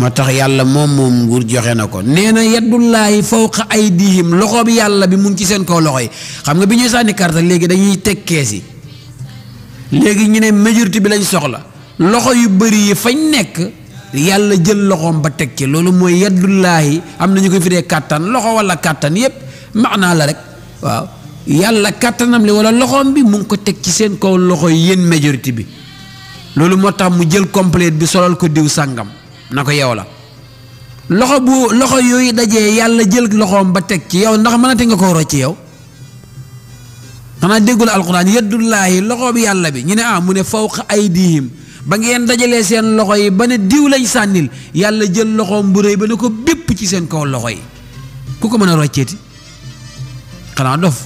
moo tax yàlla moom moom nguur joxe na ko nee na yaddullaahi fawqa aydihim loxo bi yàlla bi mu ngi ci seen kaw loxo yi xam nga bi ñuy sànni carte léegi dañuy teg kees yi léegi ñu ne majorité bi lañ soxla loxo yu bëri yi fañ nekk yàlla jël loxoom ba teg ci loolu mooy yaddullaahi am na ñu ko firee kàttan loxo wala kàttan yépp maanaa la rek waaw yàlla kattanam li wala loxoom bi mu ngi ko teg ci seen kaw loxo yi yéen majorité bi loolu moo tax mu jël complète bi solal ko diw sàngam na ko yow la loxo bu loxo yooyu dajee yàlla jël loxoom ba teg ci yow ndax mënati nga koo rocc yow xanaa déggul alquran yaddullaahi loxo bi yàlla bi ñu ne ah mu ne fawqa aydihim ba ngeen dajalee seen loxo yi ba ne diw lañ sànnil yàlla jël loxoom bu rëy ba ne ko bépp ci seen kaw loxo yi ku ko mën a rocceeti xanaa dof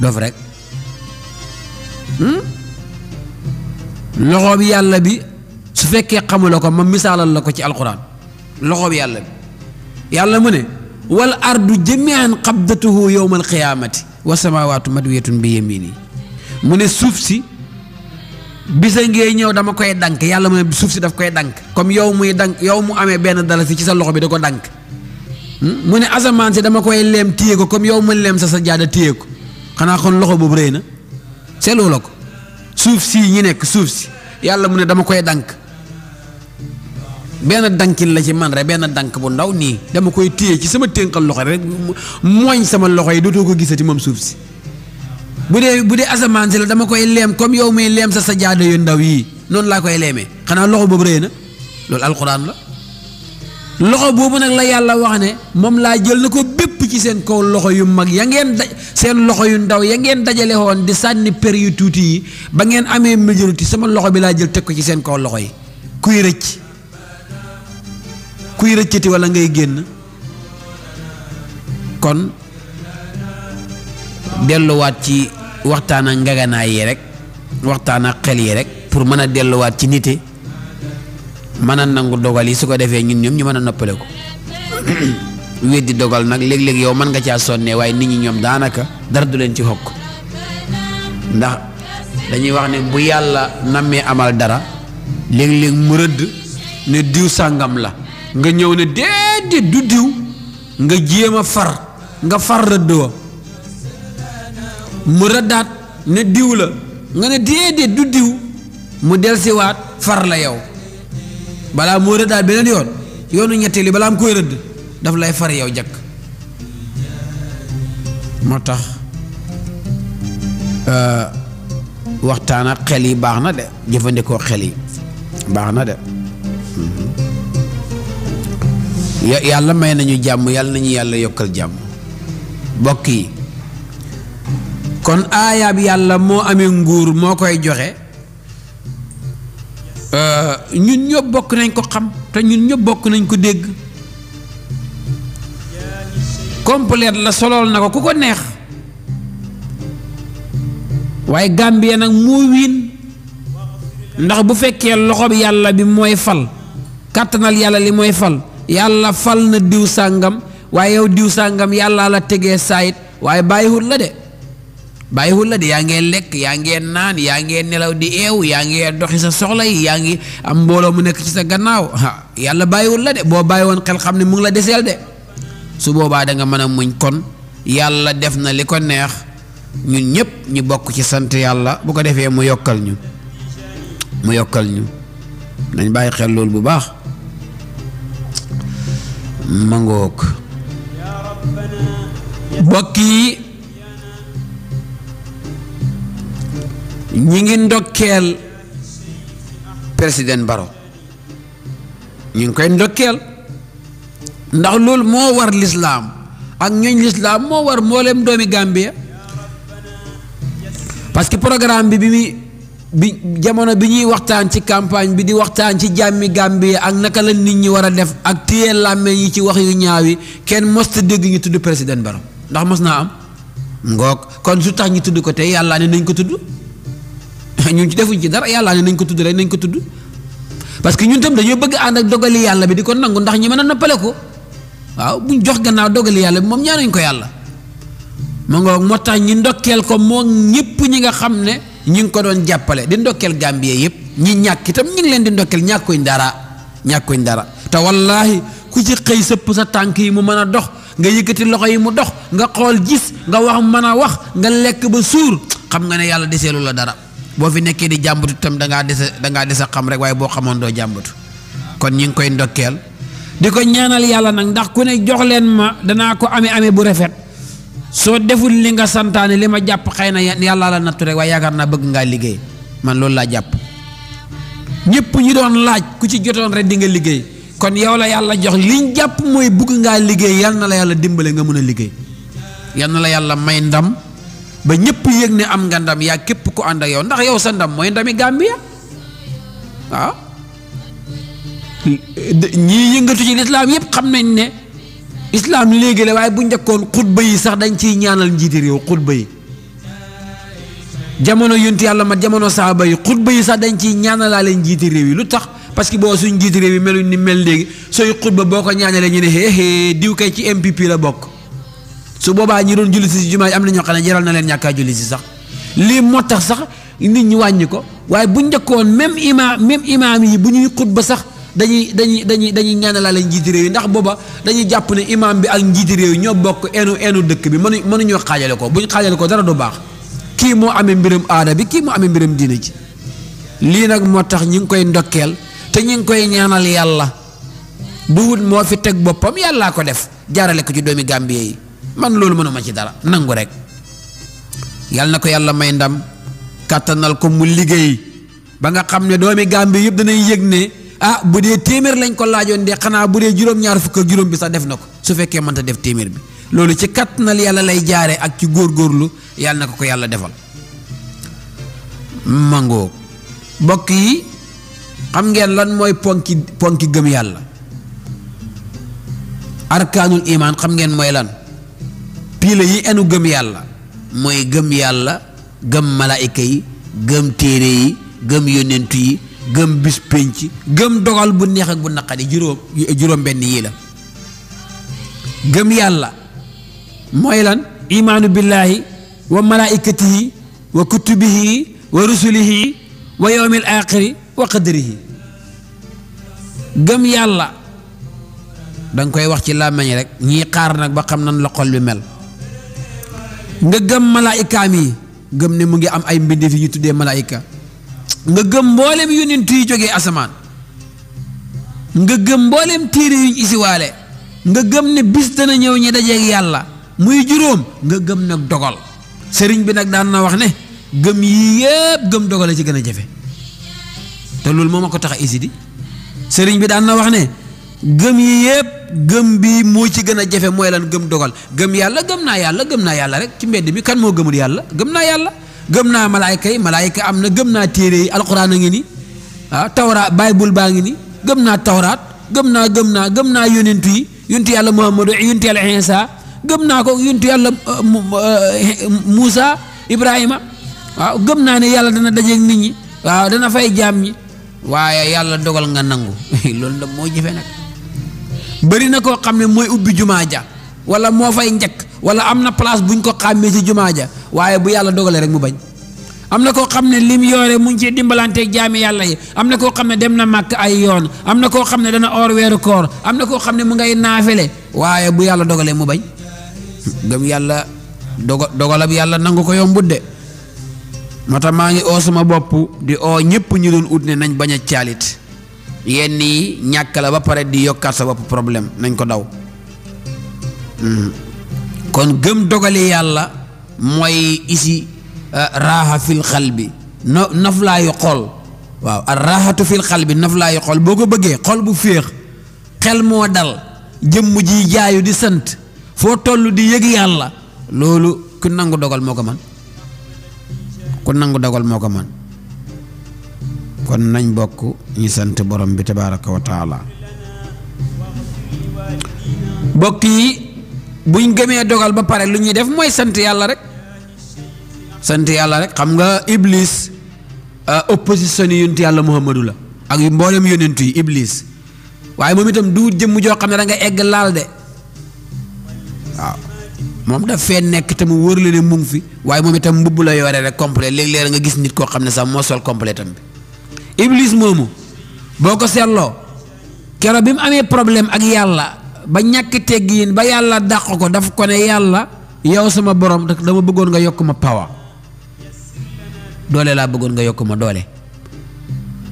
dof rek hmm? loxo yàlla bi su fekkee xamula ko ma misaalal la ko ci alquran loxoob yàlla bi yàlla mu ne wal ardu jamian qabdatuhu yowma alqiyaamati wa samawaatu madwiyatun bi yamini mu ne suuf si bisa ngee ñëw dama koy dank yàlla mu ne suuf si daf koy dank comme yow muy dank yow mu amee benn dalasi ci sa loxo bi da ko dank hmm? mu ne asamaan si dama koy leem téye ko comme yow ma leem sa sa jaada téye ko xanaa kon loxo boobu rëy na seetlu la ko suuf si ñi nekk suuf si yàlla mu ne dama koy dank benn dankil la ci man rek benn dank bu ndaw nii dama koy téye ci sama ténqal loxo rek mooñ sama loxo yi dootoo ko gisati moom suuf si bu dee bu dee asamaan si la dama koy leem comme yow muy leem sa sa jaada yu ndaw yi noonu laa koy leemee xanaa loxo boobu rëy na loolu alxuraan la loxo boobu nag la yàlla wax ne moom laa jël na ko bépp ci seen kaw loxo yu mag ya ngeen daj seen loxo yu ndaw ya ngeen dajale woon di sànni per yu tuuti yi ba ngeen amee majorité sama loxo bi laa jël teg ko ci seen kaw loxo yi kuy rëccati wala ngay genn kon wat ci waxtana ngagana yi rek waxtana xel yi rek pour meuna delu wat ci nité manan a dogal yi suko defé ñun ñom ñu meuna a ko wéddi dogal nak lég lég yow man nga ci sonné way nit ñi ñom danaka dar du len ci hokk ndax dañuy wax bu yalla namé amal dara lég lég mu reud ne diw sangam la nga ñëw ne déedéet du diw nga jéem a far nga far rëdd wa mu rëddaat ne diw la nga ne déedéet du diw mu delsiwaat far la yow balaa moo rëddaat beneen yoon yoonu ñetteeli balaa mu koy rëdd daf lay far yow jakk moo tax euh, waxtaan ak xel yi baax na de jëfandikoo xel yi baax na de hmm. yalla may nañu jamm yalla nañu yalla yokal jamm bokki kon kon bi yalla mo amé nguur mo koy euh ñun ñëpp bok nañ ko xam té ñun ñëpp bok nañ ko dégg complète la solo na ko neex waye Gambie nak mo win ndax bu loxob yalla bi moy fal kàttanal yalla li moy fal yàlla fal na diw sàngam waaye yow diw sàngam yàlla la tegee saayit waaye bàyyiwul la de bàyyiwul la de yaa ngee lekk yaa ngee naan yaa ngee nelaw di eew yaa ngee doxi sa soxla yi yaa ngi am mbooloo mu nekk ci sa gannaaw yàlla bàyyiwul la de boo bàyyi woon xel xam ne mu ngi la deseel de su boobaa danga mën a muñ kon yàlla def na li ko neex ñu ñëpp ñu bokk ci sant yàlla bu ko defee mu yokkal ñu mu yokkal ñu dañ bàyyi xel loolu bu baax mangook mbokk yi ñi ngi ndokkeel président Baro ñu ngi koy ndokkeel ndax loolu moo war lislaam ak ñooñ lislaam moo war mboolem doomi Gambia parce que bi bi muy bi jamono bi ñuy waxtaan ci campagne bi di waxtaan ci jàmmi Gambie ak naka la nit ñi war a def ak téye làmmeñ yi ci wax yu ñaaw yi kenn mos ta dégg ñu tudd président Barrow ndax mos naa am ngoog kon su tax ñu tudd ko tey yàlla ne nañ ko tudd ñun ci defuñ ci dara yàlla ne nañ ko tudd rek nañ ko tudd parce que ñun tam dañoo bëgg ànd ak dogali yàlla bi di ko nangu ndax ñi mën a noppale ko waaw buñ jox gannaaw dogali yàlla bi moom ñaanuñ ko yàlla ma ngoog moo tax ñi ndokkeel moo ñëpp ñi nga xam ne ñi ngi ko doon jàppale di ndokkeel Gambie yëpp ñi ñàkk itam ñi leen di ndokkeel ñàkkuñ dara ñàkkuñ dara te wallaahi ku ci xëy sëpp sa tànk yi mu mën a dox nga yëkkati loxo yi mu dox nga xool gis nga wax mën a wax nga lekk ba suur xam nga ne yàlla deseelu la dara boo fi nekkee di jàmbatu itam da ngaa dese da ngaa dese xam rek waaye boo xamoon doo jàmbatu kon ñi ngi koy ndokkeel di ko ñaanal yàlla nag ndax ku ne jox leen ma danaa ko amee amee bu rafet. so deful li nga santane lima ma xeyna yalla na ya- la nature rek waaye yaakaar naa bëgg ngaa liggéey man loolu la japp ñepp ñi doon laaj ku ci jotoon rek di nga liggey kon yow la yalla jox liñ japp moy bëgg nga liggey yalla na la yalla dimbalé nga mëna liggey yalla la yalla may ndam ba ñepp ne am nga ndam ya kep ku and ak yow ndax yow sa ndam moy ndami Gambia waaw yëngatu ci l'islam yépp xam nañ ne. islaam léegi la waaye bu njëkkoon xutba yi sax dañ ciy ñaanal njiiti réew xutba yi jamono yunti yàlla ma jamono saaba yi xutba yi sax dañ ciy ñaanalaale njiiti réew yi lu tax parce que boo suñ njiiti réew yi meluñ ni mel léegi sooy xutba boo ko ñaanalee ñu ne héehée diw kay ci MPP la bokk su boobaa ñi doon julli si jumaa yi am na ñoo xam ne jaral na leen ñàkkaa julli si sax lii moo tax sax nit ñi wàññi ko waaye bu njëkkoon même imaam même imaam dañuy dañuy dañuy dañuy la njiiti réew yi ndax boba dañuy japp ne imam bi ak njiiti rew ño bok enu enu dekk bi mënu ñu xajalé ko buñ xajalé ko dara du baax ki mo amé mbirum aada bi ki mo amé mbirum diine ci li nak moo tax ñi ngi koy ndokkel te ñi ngi koy ñaanal bu wut mo fi tek bopam yalla ko def jaarale ko ci doomi gambie yi man loolu mënuma ci dara nangu rek yalla nako yalla may ndam katanal ko mu liggey ba nga xamne doomi gambie yeb yegne ah budé dee lañ ko lajoon dé xana budé dee ñaar fukk ak bi sa def nako su fekké man ta def téeméer bi lolu ci kattanal yalla lay jare ak ci gor ya yalla nako ko yalla defal mango bokk yi xam ngeen lan moy ponki ponki gëm yalla arkaanul iman xam ngeen moy lan pile yi enu gëm yalla moy gëm yalla gëm malaika yi gëm téré yi gëm yonentu yi gëm bis pénc gëm dogal bu neex bu naqari juróom juróom benn yii la gëm yàlla mooy lan imaanu billaahi wa malaikatihi wa kutubihi wa rusulihi wa yawmil aaxiri wa qadarihi gëm yàlla danga koy wax ci làmmiñ rek ñii xaar nag ba xam nan la bi mel nga gëm malaayikaam yi gëm ne mu ngi am ay mbindeef yi ñu tuddee malaayika nga gëm mboolem yonent yi jógee asamaan nga gëm mboolem téere yuñ walé nga gëm ne bis dana ñew ñi ak yalla muy juroom nga gëm nag dogal sëriñ bi nak daan na wax ne gëm yii yépp gëm dogal ci gëna jëfé jafe lool moma ko tax a isidi sëriñ bi daan na wax ne gëm yépp gëm bi mo ci gëna jëfé jafe lan gëm dogal gëm yalla gëm na yalla gëm na yalla rek ci mbedd bi kan mo gëmul yalla gëm na yalla gëm naa malaayka yi malaayka am na gëm naa téere yi alquran a ngi ni ah tawraat bible baa ngi ni gëm naa tawraat gëm naa gëm naa gëm naa yonent yi yonent yàlla muhammadu yonent yàlla insa gëm naa ko yonent yàlla uh, Moussa uh, Ibrahima waaw gëm naa ne yàlla dana dajeeg nit ñi waaw dana fay jaam ñi waaye yàlla dogal nga nangu loolu da moo jëfe nag bëri na koo xam ne mooy ubbi jumaa ja wala moo fay njëkk wala amna place buñ ko xamé ci juma ja waaye bu yalla dogalé rek mu bañ amna ko xamné lim yoré muñ ci dimbalanté dimbalanteeg jaami yàlla yi amna ko xamné dem na màkk ay yoon amna ko xamné dana or wéru koor amna ko xamné mu ngay nafilé waye bu yalla dogalé mu bañ gam yalla dogo dogalab yalla nang ko yombut de mata ma ngi sama bop di o ñepp ñu doon ut né nañ baña a caalit yenn yi la ba paré di sa bop problème nañ ko daw hmm. kon gëm dogali yàlla mooy isi euh, raaxa fil xal bi no naflaayu xol waaw ar raaxatu fil xal bi naflaayu xol boo ko bëggee xol bu féex xel moo dal jëmm ji jaayu di sant foo toll di yëg yàlla loolu ku nangu dogal moo ko man ku nangu dogal moo ko man kon nañ bokk ñu sant borom bi tabaaraka wa bokk yi buñ gëmé dogal ba paré lu def moy sant yalla rek sant yalla rek xam nga iblis euh, opposition yi yonent yalla muhammadu la ak mbolam yonent yi iblis waye mom itam du jëm jo xam nga egg laal de waaw mom da fe nek tam mu wóor ne mu ngi fi waye mom itam mbubula rek complet léeg-léeg nga gis nit ko xam sa mo sol complet tam iblis momu boko ko seetloo kero bim mu problem problème ak yalla ba ñàkk teggiin ba yàlla dàq ko daf ko ne yàlla yow sama borom dama bëggoon nga yokk ma pawa doole laa bëggoon nga yokk ma doole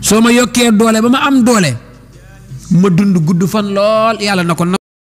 soo ma yokkee doole ba ma am doole ma dund gudd fan lool yàlla na ko